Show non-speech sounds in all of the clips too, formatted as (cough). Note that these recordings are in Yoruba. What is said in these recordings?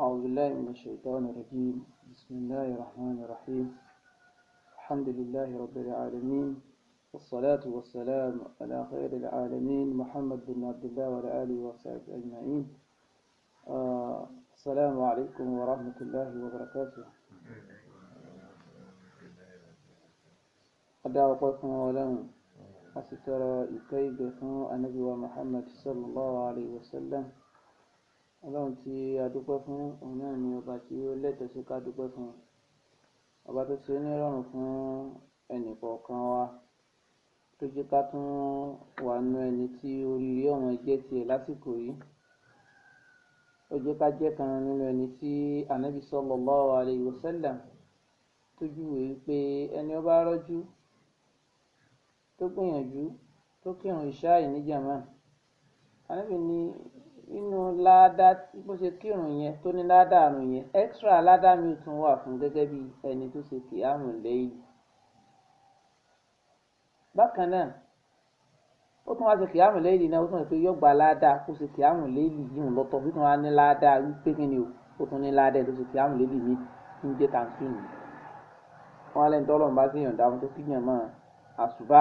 أعوذ بالله من الشيطان الرجيم بسم الله الرحمن الرحيم الحمد لله رب العالمين والصلاة والسلام على خير العالمين محمد بن عبد الله وعلى آله وصحبه أجمعين آه السلام عليكم ورحمة الله وبركاته قد أعطاكم ولهم أسترى أن النبي محمد صلى الله عليه وسلم ọlọ́run tí a dúpẹ́ fún òun náà ni ọba tí ó lẹ́tọ̀ọ́ sí ká dúpẹ́ fún ọba tó ṣe nírọ̀rùn fún ẹnìkọ̀ọ̀kan wa tó jẹ́ ká tún wà nú ẹni tí oríire ọ̀hún jẹ́ tiẹ̀ lásìkò yìí ó jẹ́ ká jẹ́ kan nínú ẹni tí ànábì sallallahu alaihi wasallam tójú wèé pé ẹni ọba rọ́jú tó gbìyànjú tó kírun ìṣáà ìníjàmá ànábì ní nínú ládá bó ṣe kírun yẹn tó ní ládá àrùn yẹn extra ládá mi tún wà fún gẹ́gẹ́ bí ẹni tó ṣe kí àrùn lẹ́yìn bákan náà ó tún wá ṣe kí àrùn lẹ́yìn náà ó tún wá pé yọgbà ládá kó ṣe kí àrùn lẹ́yìn yìí lọ́tọ̀ bí tún wá ní ládá wípé kí ni o ó tún ní ládá tó ṣe kí àrùn lẹ́yìn mi ń jẹ tàǹtì nù wọn lẹ́yìn tó Ọlọ́run bá sì dáhùn tó kíyàn mọ àṣùbà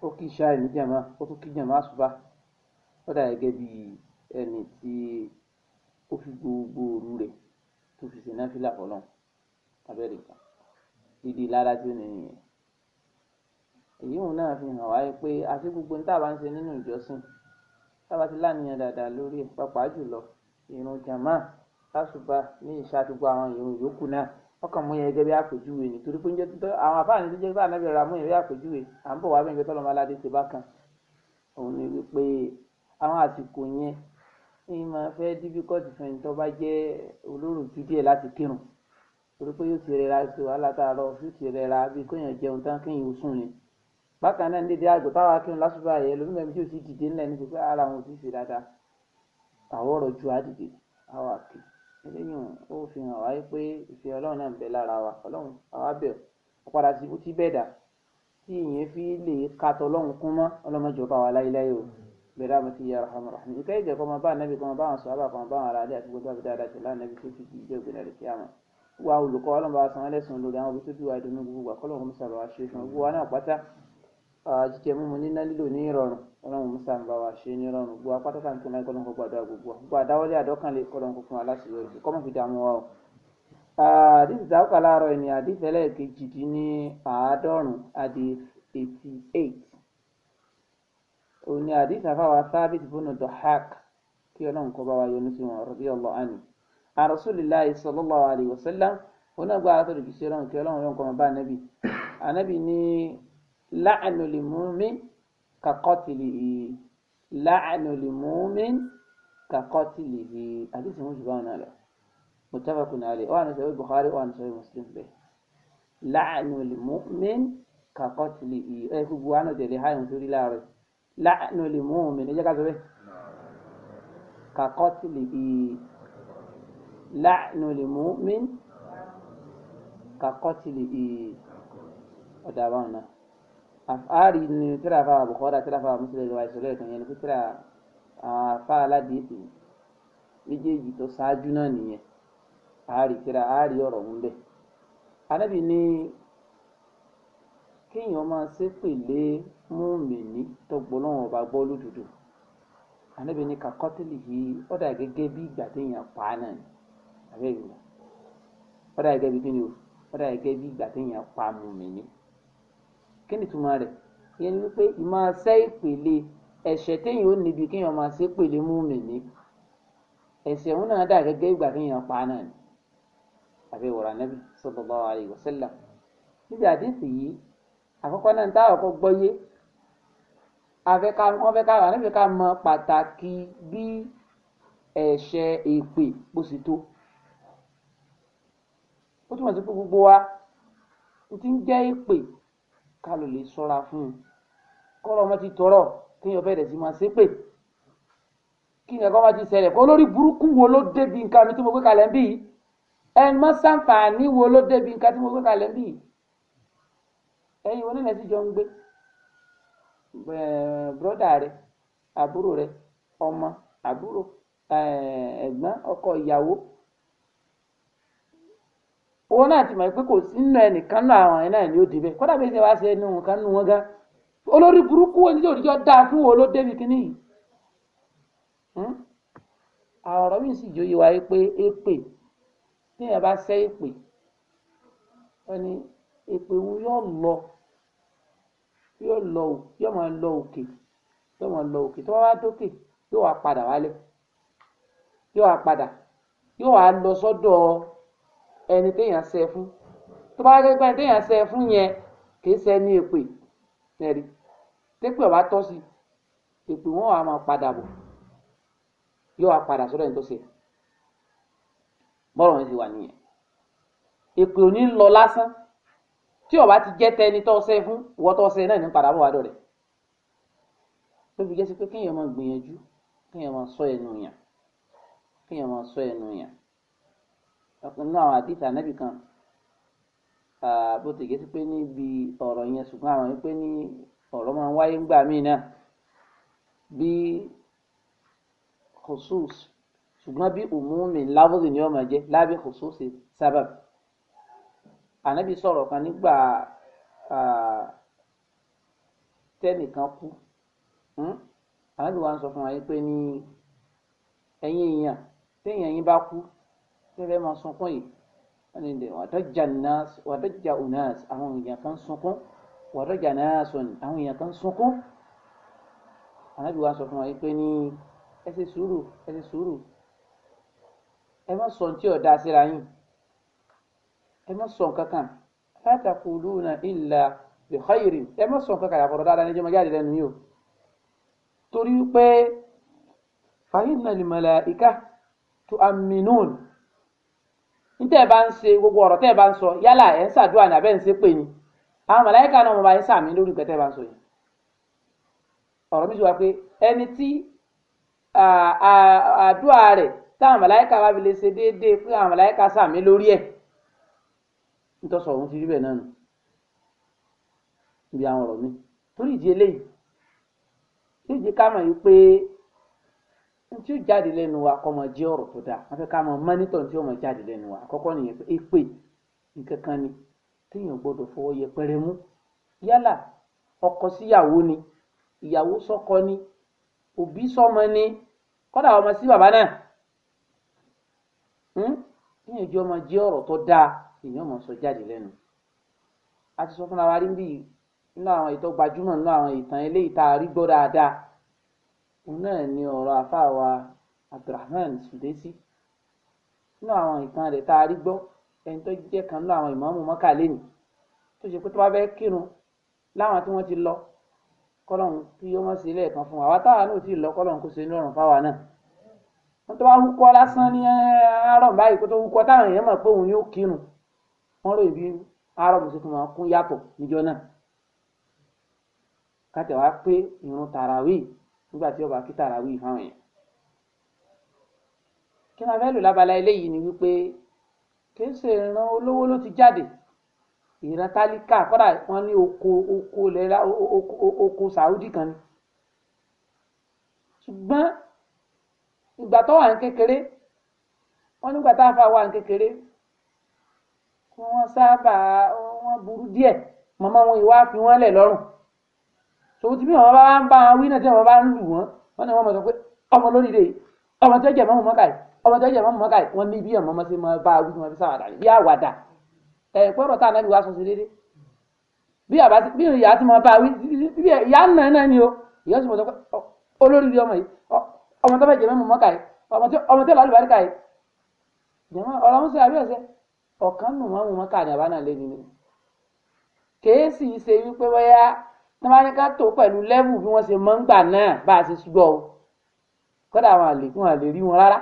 ó kí iṣẹ́ àìníjàmọ ó dà gẹ́gẹ́ bí ẹni tí ó fi gbogbo òru rẹ̀ tó fi ṣe náfìlà fọlọ́n abẹ́rẹ́ kan dídí lára tí ó ní nìyẹn èyí òun náà fi hàn wáyé pé àti gbogbo ní táwa ń ṣe nínú ìjọsìn táwa ti láníyàn dáadáa lórí ẹ̀ pàápàá jùlọ ìrun jàmá lásùbà ní ìṣàdúgbò àwọn ìrun yòókù náà wọn mú yẹn gẹ́gẹ́ bí àpèjúwe ni torí pé àwọn afáàní tó jẹ́ pé ànábìrà mú yẹn bí àpèjúwe à ń bọ̀ wá bẹ́ẹ̀ gbé tọ́lọ́mọ aládé ti bá kan òun ni wípé àwọn àsìkò yẹn ń máa fẹ́ dífíkọ́tì fún ẹni tó bá jẹ́ olóròjú díẹ̀ láti kírun torí pé yóò ti rẹra ṣe wàhálà tààrọ yóò ti rẹra bíi kéèyàn jẹun tán kéèyàn ó sùn ni bákan náà nídìí àgbẹ̀ táwa kírun lásùbà yẹn lómi mẹ́rin tí ò sì dìde ńlẹ̀ níbi pé ara wọn ò sì ṣe dáadáa àwọn ọ̀rọ̀ ju àdìde àwọn àkè eléyìí ó fi hàn wáyé pé ìfẹ́ ọlọ́run náà ń bẹ lára wa ọlọ́run àwa bẹ̀ ọ́ padà sí tí bẹ́ẹ̀ dà tí ìyẹn fi lè ka tọlọ́run kún mọ́ ọlọ́mọjọba wa láyéláyé o bẹ̀rẹ̀mẹ̀tì yà rahman rahim ìkẹ́ ìgẹ̀ kọ́ máa bá anabi kọ́ máa bá àwọn sọ̀rọ̀ kọ́ máa bá àwọn aráàlú àti gbogbo àbúdá adájọ́ láàrin ibi tó fi di ìjọ ìgbìnà rẹ̀ kíámà wa olùkọ́ ọlọ́mọba san ẹlẹ́sìn olórí àwọn ibi tó fi wà ìdùnnú gbogbo àkọlọ́wọ́ musa bá wa ṣe fún gbogbo wa náà pátá jíjẹ mímu níná lílo ní ìrọ̀rùn ọlọ́run musa bá wa ṣe ní ìrọ̀rùn gbogbo apátá tá à ń tún láì kọ́lọ́n kó gbàdúrà gbogbo gbogbo àdáwọlé àdọ́kànlé kọ́lọ́n kó fún wa láti fi dààmú wa o. àdìsí dáwọ́ kà láàárọ̀ ẹni àdìsí ẹlẹ́ẹ̀kejì dín ní àádọ́rùn-ún àdìsí òní àdìs àfáwà sábìt bùnú dọ̀hák kí ọlọ́run kọ́ bá wa yọ́nú sí wọn radiyallahu anhu an rasulillahi sallallahu alayhi wa sallam òun náà gba àtọ́ lòdì sí ọlọ́run kí ọlọ́run yọ́n kọ́ máa bá ànábì ànábì ní láàánú lè mú mi kàkọ́tìlì yìí láàánú lè mú mi kàkọ́tìlì yìí àdìs ìwọ̀n jù báwọn náà lọ muttafaqun alayhi wa anasẹ̀ bukhari wa anasẹ̀ muslim bẹ́ẹ̀ láàánú lè mú mi kàkọ́tìlì yìí ẹ̀ gbogbo àná tẹ̀lé láàánú lè mú omi ní jẹ́ká sọ́bẹ̀ kàkọ́ ti lè fi láàánú lè mú mi kàkọ́ ti lè fi ọ̀dà àbáwọn náà àfáàrí ni tíra fáwọn àbùkọ́dà tíra fáwọn mùsùlùmí wa ìṣòro ẹ̀kan yẹn ni tíra àfáà aládìísì méjèèjì tó ṣáájú náà nìyẹn àárí tíra àárí ọ̀rọ̀ mú bẹ́ẹ̀ anábì ní kéèyàn máa ṣépè lé mùmíní tó gbọ́lọ́run ọba gbọ́ lódodo ànábì ní kakọ́tìlì yìí ó dà gẹ́gẹ́ bí ìgbà téèyàn pa á náà ni àbẹ́rẹ́ mi ó dà gẹ́gẹ́ bí kíni o ó dà gẹ́gẹ́ bí ìgbà téèyàn pa mùmíní kí ni ìtumọ̀ rẹ̀ ìyẹn ni wípé ìmáa ṣẹ́ ìpele ẹ̀ṣẹ̀ téèyàn ó níbi kéèyàn máa ṣépè lé mùmíní ẹ̀ṣẹ̀ òun náà dà gẹ́gẹ́ ìgbà téèyàn pa náà ni àbẹ́wòrán nábì sallallahu alaihi wasallam níbi àdéhùn yìí àkọ́kọ́ náà táwọn kọ́ gbọ́yé wọ́n fẹ́ ká wà níbi ká mọ pàtàkì bí ẹ̀ṣẹ̀ èpè bó sì tó ó túmọ̀ sí pé gbogbo wa ti ń jẹ́ èpè ká ló lè ṣọ́ra fún un kọ́rọ̀ ọmọ ti tọrọ kéèyàn bẹ̀rẹ̀ sí máa ṣépè kí nǹkan kan máa ti ṣẹlẹ̀ kó lórí burúkú wo ló débi nǹkan mi tí mo gbé kalẹ̀ ń bì yìí ẹni mọ́ sàǹfààní wo ló débi nǹkan tí mo gbé kalẹ̀ ń bì yìí ẹ̀yin wọn nílẹ̀ n jọ ń gbé bùrọ̀dà rẹ àbúrò rẹ ọmọ àbúrò ẹ̀gbọ́n ọkọ ìyàwó owó náà ti mọ̀ pé kò sí nínú ẹnìkan náà àwọn ẹ̀ náà ni ó débẹ̀ kódà bí ṣe ṣe ẹnu nǹkan nínú wọn gan olórí burúkú oníjó òdìjọ́ dáa fún wo ló débi kínní yìí mi sì pé èpè yóò lọ yóò máa lọ òkè yóò máa lọ òkè tó bá wá dókè yóò wá padà wálẹ̀ yóò wá padà yóò wá lọ sọ́dọ̀ ẹni téèyàn ṣe fún tó bá gẹ́gẹ́ ẹni téèyàn ṣe fún yẹn kì í ṣe ní èpè ẹ̀rí tépè ọ̀bá tọ́ sí èpè wọn wàá máa padà bọ̀ yóò wá padà sọ́dọ̀ ẹni tó ṣe bọ́ọ̀rọ̀ yẹn ti wà nìyẹn èpè ò ní lọ lásán tí ó bá ti jẹ́ tẹni tó ṣe fún ìwọ tó ṣe náà ní padà bọ̀ wá dọ̀rẹ́ ló fi jẹ́ sí pé kéèyàn máa gbìyànjú kéèyàn máa sọ ẹnu yàn kéèyàn máa sọ ẹnu yàn nínú àwọn àdìsí ànábì kan bó ti jẹ́ sí pé níbi ọ̀rọ̀ yẹn ṣùgbọ́n àwọn yẹn pé ní ọ̀rọ̀ máa ń wáyé ńgbà míì náà bí khusus ṣùgbọ́n bí umumi lábùsì ni ó máa jẹ́ lábẹ́ khusus sábàbí ànábì sọ̀rọ̀ kan nígbà tẹ́nìkan kú hmm? ànábì wa ń sọ fún wa pé ní ẹ̀yin èèyàn téèyàn yín bá kú tẹ́fẹ́ máa sunkún yìí wàdọ́jà nas wàdọ́jà unas àwọn èèyàn kan sunkún wàdọ́jà nasun àwọn èèyàn kan sunkún ànábì wa ń sọ fún wa pé ní ẹ ṣe sùúrù ẹ ṣe sùúrù ẹ má sọ ní tí ọ̀dà síra yín ẹ má sọ nǹkan kan látàkùlùnà ìlà bi khairin ẹ má sọ nǹkan kan àbọ̀rọ̀ dáadáa ní jọmọ jáde lẹ́nu yìí o torí pé fàhínà lil malaika tu'minun ntẹ́ ẹ bá ń ṣe gbogbo ọ̀rọ̀ tẹ́ ẹ bá ń sọ yálà ẹ̀ ń ṣàdúrà ní abẹ́ ń ṣe pè ní àwọn màláíkà náà mo máa ń sàmì lórí ìgbẹ́ tẹ́ bá ń sọ yìí ọ̀rọ̀ mi ti wá pé ẹni tí àdúrà rẹ̀ táwọn màláíkà bá fi lè ṣe déédéé pé àwọn màláíkà sàmì lórí ẹ̀ nítòsọ ọ̀hún ti rí bẹ́ẹ̀ náà nù níbi àwọn ọ̀rọ̀ mi torí ìdí eléyìí tí ó jẹ́ ká mọ̀ yìí pé tí ó jáde lẹ́nu wa kọ́ mọ jẹ́ ọ̀rọ̀ tó dáa wọ́n fẹ́ ká mọ mọ́nítọ̀ tí ó mọ jáde lẹ́nu wa àkọ́kọ́ nìyẹn pé èpè nǹkan ni téèyàn gbọ́dọ̀ fọwọ́ yẹpẹrẹ mú yálà ọkọ síyàwó ni ìyàwó sọ́kọ ni òbí sọ́mọ ni kọ́dà ọmọ sí bàbá náà hmm? téèyàn jẹ́ ọmọ jẹ́ ọ̀rọ̀ tó dáa èèyàn mọ̀ sọ jáde lẹ́nu a ti sọ fúnra wa rí bíi nínú àwọn ìtọ́ gbajúmọ̀ nínú àwọn ìtàn eléyìí tá a rí gbọ́ dáadáa òun náà ni ọ̀rọ̀ àfàwà Abdulrahman Sudesi nínú àwọn ìtàn rẹ̀ tá a rí gbọ́ ẹni tó jẹ́ kan nínú àwọn ìmáàmù Mọ́kà lẹ́nu tó ṣe pé tó bá fẹ́ kírun láwọn tí wọ́n ti lọ kọ́lọ́hún kí ó mọ̀ sí lẹ́ẹ̀kan fún wa àwa táwa náà ti lọ kọ́lọ́hún kó ṣe ní ọ̀rùn fáwa náà wọ́n tó bá húkọ́ lásán ní àárọ̀ báyìí kó tó húkọ́ táwọn èèyàn mọ̀ pé òun yóò kírun wọ́n ròyìn bí arab ṣe tún máa kún yàtọ̀ níjọ náà kátẹ wá pé ìrun tàràwí nígbà tí ọba kí tàràwí fáwọn yẹn kí ni a fẹ́ lò lábala eléyìí ni wípé kìí ìran olówó ló ti jáde ìran tálíkà kọ́dà wọ́n ní oko oko lẹ́la oko Saudi kan ni ṣùgbọ́n ìgbà tó wà ní kékeré wọ́n nígbà tá a fà wà ní kékeré wọ́n sábà wọ́n burú díẹ̀ màmá wọn ìwà fi wọ́n lẹ̀ lọ́rùn tòun ti bí wọn bá ń bá wí náà tí wọn bá ń lù wọn wọn ni wọn mọ sọ pé ọmọ lóríire ọmọ tó jẹ mọ́mọ́ káyì ọmọ tó jẹ mọ́mọ́ káyì wọn ní bí ọmọ ọmọ sí máa bá wí tí wọn fi sáwàdà bí àwàdà ẹ pẹ́rọ̀ tá a náà lè wá sọ sí dédé bí ìyá ti máa bá wí bí ìyá ń nàá náà ni o ìyá sì mọ sọ pé olóríire ọmọ yìí ọmọ tó fẹ́ jẹ mọ́mọ́ káyì ọmọ tó lálùbárí káyì jẹ̀mọ́ ọ̀rọ̀ ń sọ ọ̀kan nù mọ́mù mọ́kà ní àbánà lé nínú kèésì ṣe wípé bóyá tọ́mọ́nìká tó pẹ̀lú lẹ́bù bí wọ́n ṣe mọ́ ń gbà náà bá a ṣe gbọ́ o kọ́dà àwọn àlékún àlè rí wọn rárá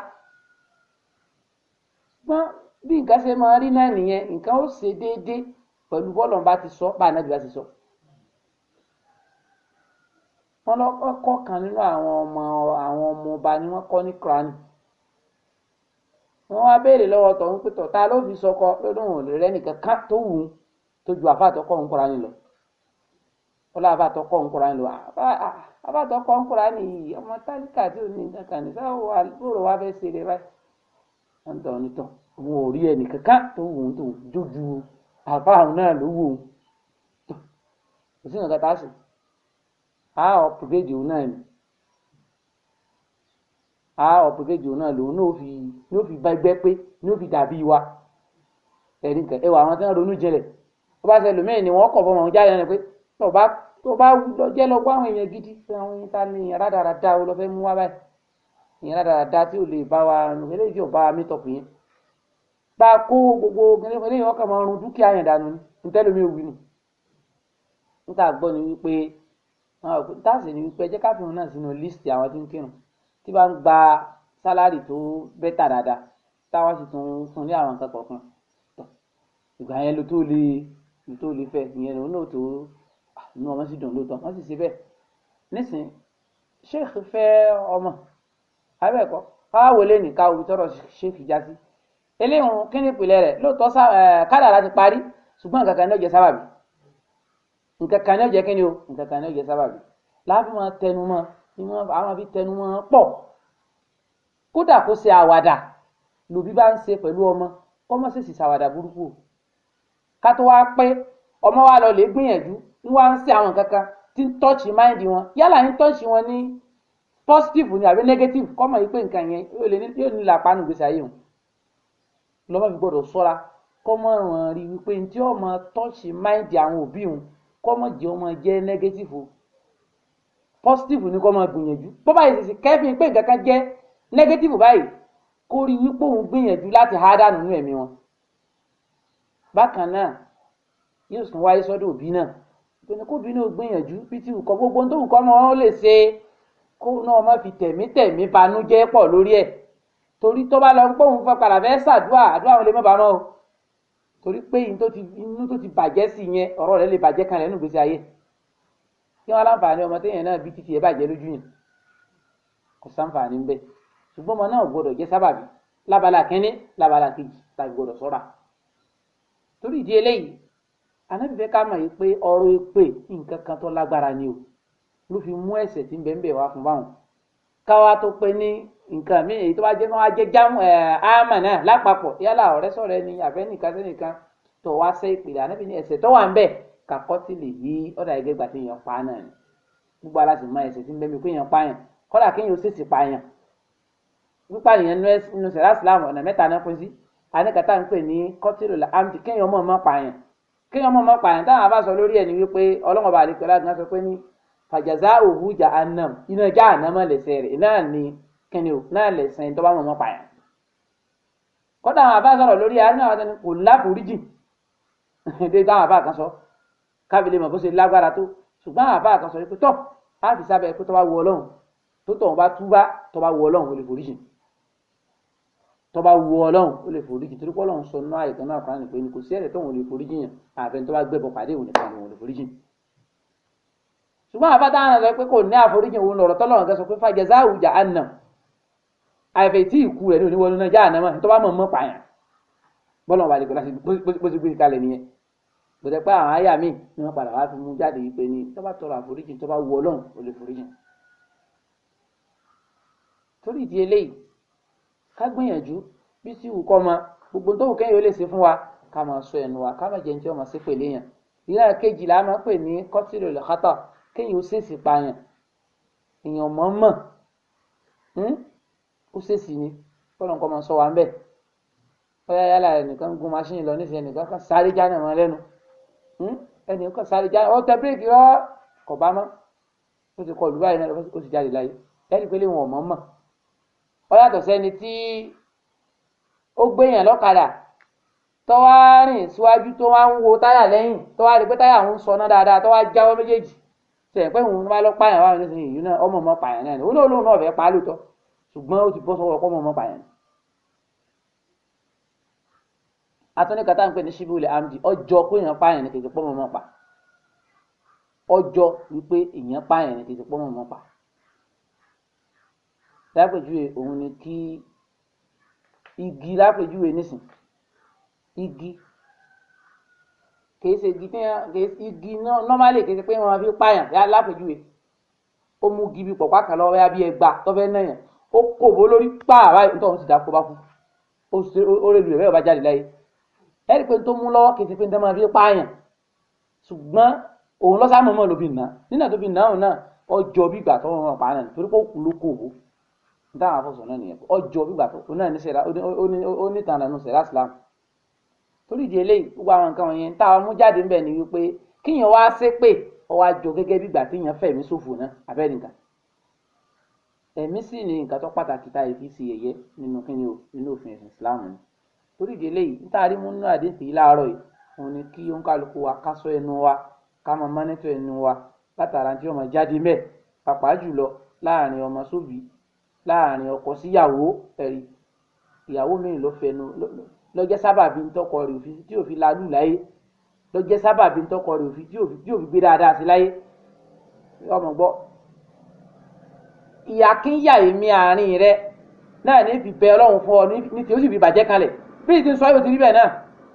ṣùgbọ́n bí nǹkan ṣe máa rí náà nìyẹn nǹkan ó ṣe déédéé pẹ̀lú bọ́ọ̀lù bá ti sọ bá ànábì bá ti sọ. wọ́n lọ́kọ́ kan nínú àwọn ọmọ àwọn ọmọ ọba ni wọ́n kọ́ ní kúránì wọn wá béèrè lọ́wọ́ tọhún pé tọta ló fi sọkọ ló lóun ò lè rẹ́nìkan ká tó wù ú tó ju àfàtọkọ ń kóra ni lọ ọlá àfàtọkọ ń kóra ni lọ àfàtọkọ ń kóra ni yìí ọmọ tálíkà tí ò ní kankan ní sáwọ àbúrò wa fẹẹ ṣe rẹ báyìí wọn tọ ní tán òun ò rí ẹnìkan ká tó wù ú tó jójú àfàhùn náà ló wù ú kò sí nǹkan tá a sùn a ọ̀ pùgéjì òun náà ni a ọ̀pẹ̀kejì òun náà lòun náà fi ní ó fi bá ẹgbẹ́ pé ní ó fi dàbí wa ẹ̀rí nǹkan ẹwà àwọn tí wọ́n ronú jinlẹ̀ ó bá ṣẹlẹ̀ mẹ́rin ni wọ́n kọ̀ fọmọ òun jáde rẹ̀ pé tó bá tó bá jẹ́ lọ gbọ́ àwọn èèyàn gidi àwọn èèyàn ta ni ìyàrá dáradá o lọ fẹ́ mú wá báyìí ìyàrá dáradá tí ò lè bá wa eléyìí tí ò bá wa mítọ̀pù yẹn bá a kó gbogbo eléyìí ọkàn máa run dúkìá yẹn dànù ní ntẹ́lómi òwì nù níta gbọ́ ni wípé táàsì ni wípé ẹ jẹ́ ká fi hàn náà sínú líìsì àwọn tí ń kírun tí bá ń gba sálárì tó bẹ́tà dáadáa táwọn sì tún fún ní àwọn nǹkan kọ̀ọ̀kan ìgbà yẹn ló tó lè ló tó lè fẹ́ ìyẹn lòun náà tó inú ọmọ sì dùn lóòótọ́ wọ́n sì ṣe bẹ́ẹ̀ nísìnyí sheikh fẹ́ ọmọ abẹ́ẹ̀kọ́ káwá wọlé ní káwọ́ tọrọ sheikh já sí eléyìí kí ni ìpìlẹ̀ rẹ̀ lóòótọ́ kádàrá ti parí ṣùgbọ́n nǹkan kan ní ó jẹ́ sábàbí nǹkan kan ní ó jẹ́ kí ni o nǹkan kan ní ó jẹ́ sábàbí láàbí wọn tẹnu mọ́ ni wọ́n àwọn fi tẹnu wọn pọ̀ kódà kó ṣe àwàdà lòbí bá ń ṣe pẹ̀lú ọmọ kọ́mọ sì sì ṣàwàdà burúkú o ká tó wáá pé ọmọ wa lọ lè gbìyànjú ń wá ń ṣe àwọn kankan tí ń tọ́ọ̀ṣì máìndì wọn yálà ń tọ́ọ̀ṣì wọn ní positive ni àbí negative kọ́mọ yìí pé nǹkan yẹn yóò ní làpánu gbèsè ayé wọn lọ́mọ fi gbọ́dọ̀ sọ́ra kọ́mọ ràn rí wípé ntí ọmọ tọ́ọ̀ṣì máìndì àwọn òbí wọn kọ́mọ jẹ́ ọmọ jẹ́ negative o positive ní kó máa gbìyànjú bó bá yìí sì kẹ́fìn pé nǹkan kan jẹ́ negative báyìí kó rí wípé òun gbìyànjú láti há dànù nínú ẹ̀mí wọn. bákan náà yóò sùn wáyé sọ́dọ̀ òbí náà ìpinnu kó bí náà gbìyànjú bí ti wùkọ́ gbogbo ohun tó wùkọ́ ọmọ wọn lè ṣe kó náà má fi tẹ̀mítẹ̀mí banújẹ́ pọ̀ lórí ẹ̀ torí tó bá lọ ń òun fẹ́ padà fẹ́ ṣàdúrà àdúrà wọn lè má bàa o torí pé inú tó ti bàjẹ́ sí yẹn ọ̀rọ̀ rẹ̀ lè bàjẹ́ kan lẹ́nu ìgbésí ayé kí wọn láǹfààní ọmọ téèyàn náà bí títí ẹ bàjẹ́ lójú yìí kò sáǹfààní ńbẹ ṣùgbọ́n ọmọ náà gbọdọ̀ jẹ́ sábàbí lábala kínní lábala kejì láti gbọdọ̀ sọ́ra torí ìdí eléyìí anábìfẹ́ ká mọ̀ yìí pé ọ̀rọ̀ èpè nǹkan kan tó lágbára ni o ló fi mú ẹ̀ṣẹ̀ tí ń bẹ ń bẹ wá fún báwọn káwa tó pé ní nǹkan míì èyí tó bá jẹ́ kí wọ́n jẹ́ jámù ẹ̀ ámà náà lápapọ̀ yálà ọ̀rẹ́ ni àfẹ́ nìkan sẹ́nìkan tó wá sẹ́ ìpìlẹ̀ anábìfẹ́ ẹ̀ṣẹ̀ tó wà ń bẹ ti kàkọ́tìlì yìí ọ̀dà gẹ́gẹ́ gbà tí èèyàn pa náà ni gbogbo aláṣẹ mọ ẹsẹ tí ń bẹ́mi pé èèyàn pààyàn kọ́dà kéèyàn ó ṣèṣì pààyàn pípààyàn nínú sẹ̀rá islam ọ̀nà mẹ́ta náà pín sí anìkàtà ń pè ní kọ́tìlù làmdì kéèyàn mọ̀ mọ́ pààyàn kéèyàn mọ̀ mọ́ pààyàn táwọn abá sọ lórí ẹ̀ ni wípé ọlọ́wọ́n bá àdìpẹ́ láti sọ pé ní fàjàzá òhu jà anam iná já ànámọ́ lẹ́sẹ̀ rẹ̀ náà ni kíni o náà lẹ́sẹ̀ tó bá mọ̀ mọ́ pààyàn kọ́dà àwọn abá sọ̀rọ̀ lórí ẹ̀ (laughs) kábílẹ̀ mọ̀ bó ṣe lágbára tó ṣùgbọ́n àbá kan sọ pé tọ́ á fi sábẹ́ pé tọ́ba wù ọlọ́run tó tọ̀ wọn bá túbá tọ́ba wù ọlọ́run ó lè foríjì tọ́ba wù ọlọ́run ó lè foríjì torí pọ́lọ́run sọ náà àìtàn náà kan pé kò sí ẹ̀rẹ̀ tó wọn lè foríjì yàn àfẹn tọ́ba gbẹ̀bọ̀ pàdé òun nìkan ni wọn lè foríjì ṣùgbọ́n àbá táwọn sọ pé kò ní àforíjì òun lọ̀rọ̀ tọ́lọ́run kẹ́ sọ pé fàjẹsà àwùjà àná àìfẹ́ kò tẹ́ pé àwọn àyà míì ni wọ́n padà wá fi mú jáde yìí pé ní tó bá tọrọ àforíjì tó bá wù ọlọ́run ó lè foríjì torí ìdí eléyìí ká gbìyànjú bí tí wù kọ́ ma gbogbo tó wù kẹ́yìn ó lè ṣe fún wa ká máa sọ ẹnu wa ká má jẹun tí wọ́n máa ṣe pèlè yàn ìlà kejìlá máa pè ní kọ́tìlù lọ́kátà kéèyàn ó ṣèṣì pààyàn èèyàn mọ̀ mọ̀ hmm, ó ṣèṣì ni kọ́lọ́n kọ́ máa sọ wa ń bẹ̀ bóyá yálà ẹnìkan gun maṣíìnì lọ nífẹ̀ẹ́ ẹnìkan kan sáré jáde mọ́ lẹ́nu Hmm? ẹnì kan sáré jáde ọtẹ bíríkì rọ kò bá mọ ó ti kọ lù báyìí náà ó sì jáde láyé ẹnì pé léwọn ọmọ mọ ọ yàtọ̀ sẹ́ni tí ó gbéyàn lọ́kadà tọ́wá rìn síwájú tó wá ń wo táyà lẹ́yìn tọ́wá rí pé táyà ń sọná dáadáa tọ́wá jáwọ́ méjèèjì tẹ̀ pé òun bá lọ pààyàn wà lóṣèlú yìí náà ọmọ ọmọ pààyàn náà ni òun lóun náà fẹ́ pa á lóòótọ́ ṣùgbọ́n ó ti bọ́ sọ́wọ́ ọkọ́ ọmọ ọmọ pààyàn ni. atúndé kata ń pè ní shibule amdi ọjọ́ pé èèyàn pààyàn ní kejì pọ́nmọ́ pa? ọjọ́ wípé èèyàn pààyàn ní kejì pọ́nmọ́ mọ́pa lápèjúwe òun ni kí igi lápèjúwe nísìn igi kìí ṣe igi téèyàn kìí ṣe igi nọ́málì kìí ṣe pé wọ́n fi pààyàn yá lápèjúwe ó mú igi bí pọ̀pá kan lọ́wọ́ yá bí ẹgbà tọ́fẹ́ náà yẹn ó kò bó lórí pààrà nítorí òun ti dà kó bá kú ó rèlú rẹ̀ bẹ́ẹ̀ bá jáde láyé. ẹ̀rí pé tó mú lọ́wọ́ kìí ṣe pé ní tẹ́lẹ̀ máa fi pààyàn ṣùgbọ́n òun lọ́sàá mọ̀mọ́ ló nà nínà tó nà òun náà ọjọ́ bí tó pààyàn torí pé ó kú o dáhà fọ̀sọ̀ náà nìyẹn ọjọ́ bí tó òun náà ní sẹ́ra ó ní sẹ́ra sílámù torí ìdí eléyìí gbogbo àwọn nǹkan wọ̀nyẹn a mú jáde ńbẹ̀ ni wípé kíyàn wá ṣépè ọwọ́ àjọ gẹ́gẹ́ bí torí ìdílé yìí níta rí mú nínú àdéhùn yìí láàárọ̀ yìí òun ni kí oníkálukú wa ká ṣọ́ ẹnu wa ká máa mọ́nítọ̀ ẹnu wa látara tí ọmọ jáde mẹ́ẹ̀ pàápàá jùlọ láàrin ọmọ sóbì láàrin ọkọ síyàwó ẹ̀rí ìyàwó mẹ́rin ló fẹnu lọ́jẹ́ sábàbí ntọ́kọ rẹ̀ òfin tí òfin lálù láyé lọ́jẹ́ sábàbí ntọ́kọ rẹ̀ òfin tí òfin tí òfin gbé dáadáa sí láyé ọmọ gbọ́ ìyà kí ń yà èmi àárín rẹ náà ní fi bẹ fún ọ ní tí ó sì fi bàjẹ́ kalẹ̀ bí ìdí sọ yóò ti rí bẹ́ẹ̀ náà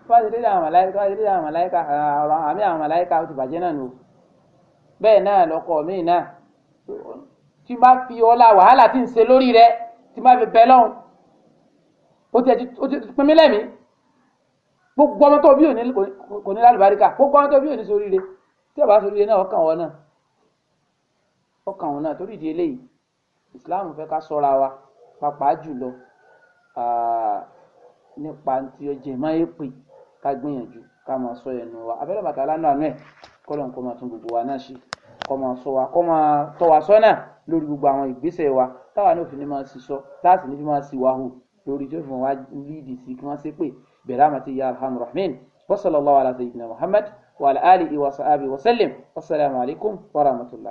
tó bá ti dédé àwọn màláìka tó bá ti dédé àwọn màláìka ọ̀rọ̀ àmì àwọn màláìka ó ti bàjẹ́ náà nù bẹ́ẹ̀ náà lọ́kọ mi náà tí má fi ọlá wàhálà tí ń ṣe lórí rẹ tí má fi bẹ lọ́hùn ó ti pin mí lẹ́mìí gbogbo ọmọ tó bí òní Islam fẹ́ ká ṣọ́ra wa pàápàá nípa tí ó jẹ máa èpè ká gbìyànjú ká máa sọ ẹnu wa abẹ́rẹ́ bàtà lánàá àánú ẹ̀ kọ́lọ̀ nǹkan máa tún gbogbo wa náà ṣe kọ́ máa sọ wa kọ́ máa tọ́ wa sọ́nà lórí gbogbo àwọn ìgbésẹ̀ wa táwa náà fi ní máa ṣiṣọ́ láti ní fi máa ṣì wá hù lórí tí ó fi wá líìdì sí kí wọ́n ṣe pé bẹ̀rẹ̀ àmọ́ ya alhamdu rahman wa sallallahu ala sayyidina muhammad wa ala alihi wa sahbihi wa sallam wasalaamu alaykum wa rahmatulah.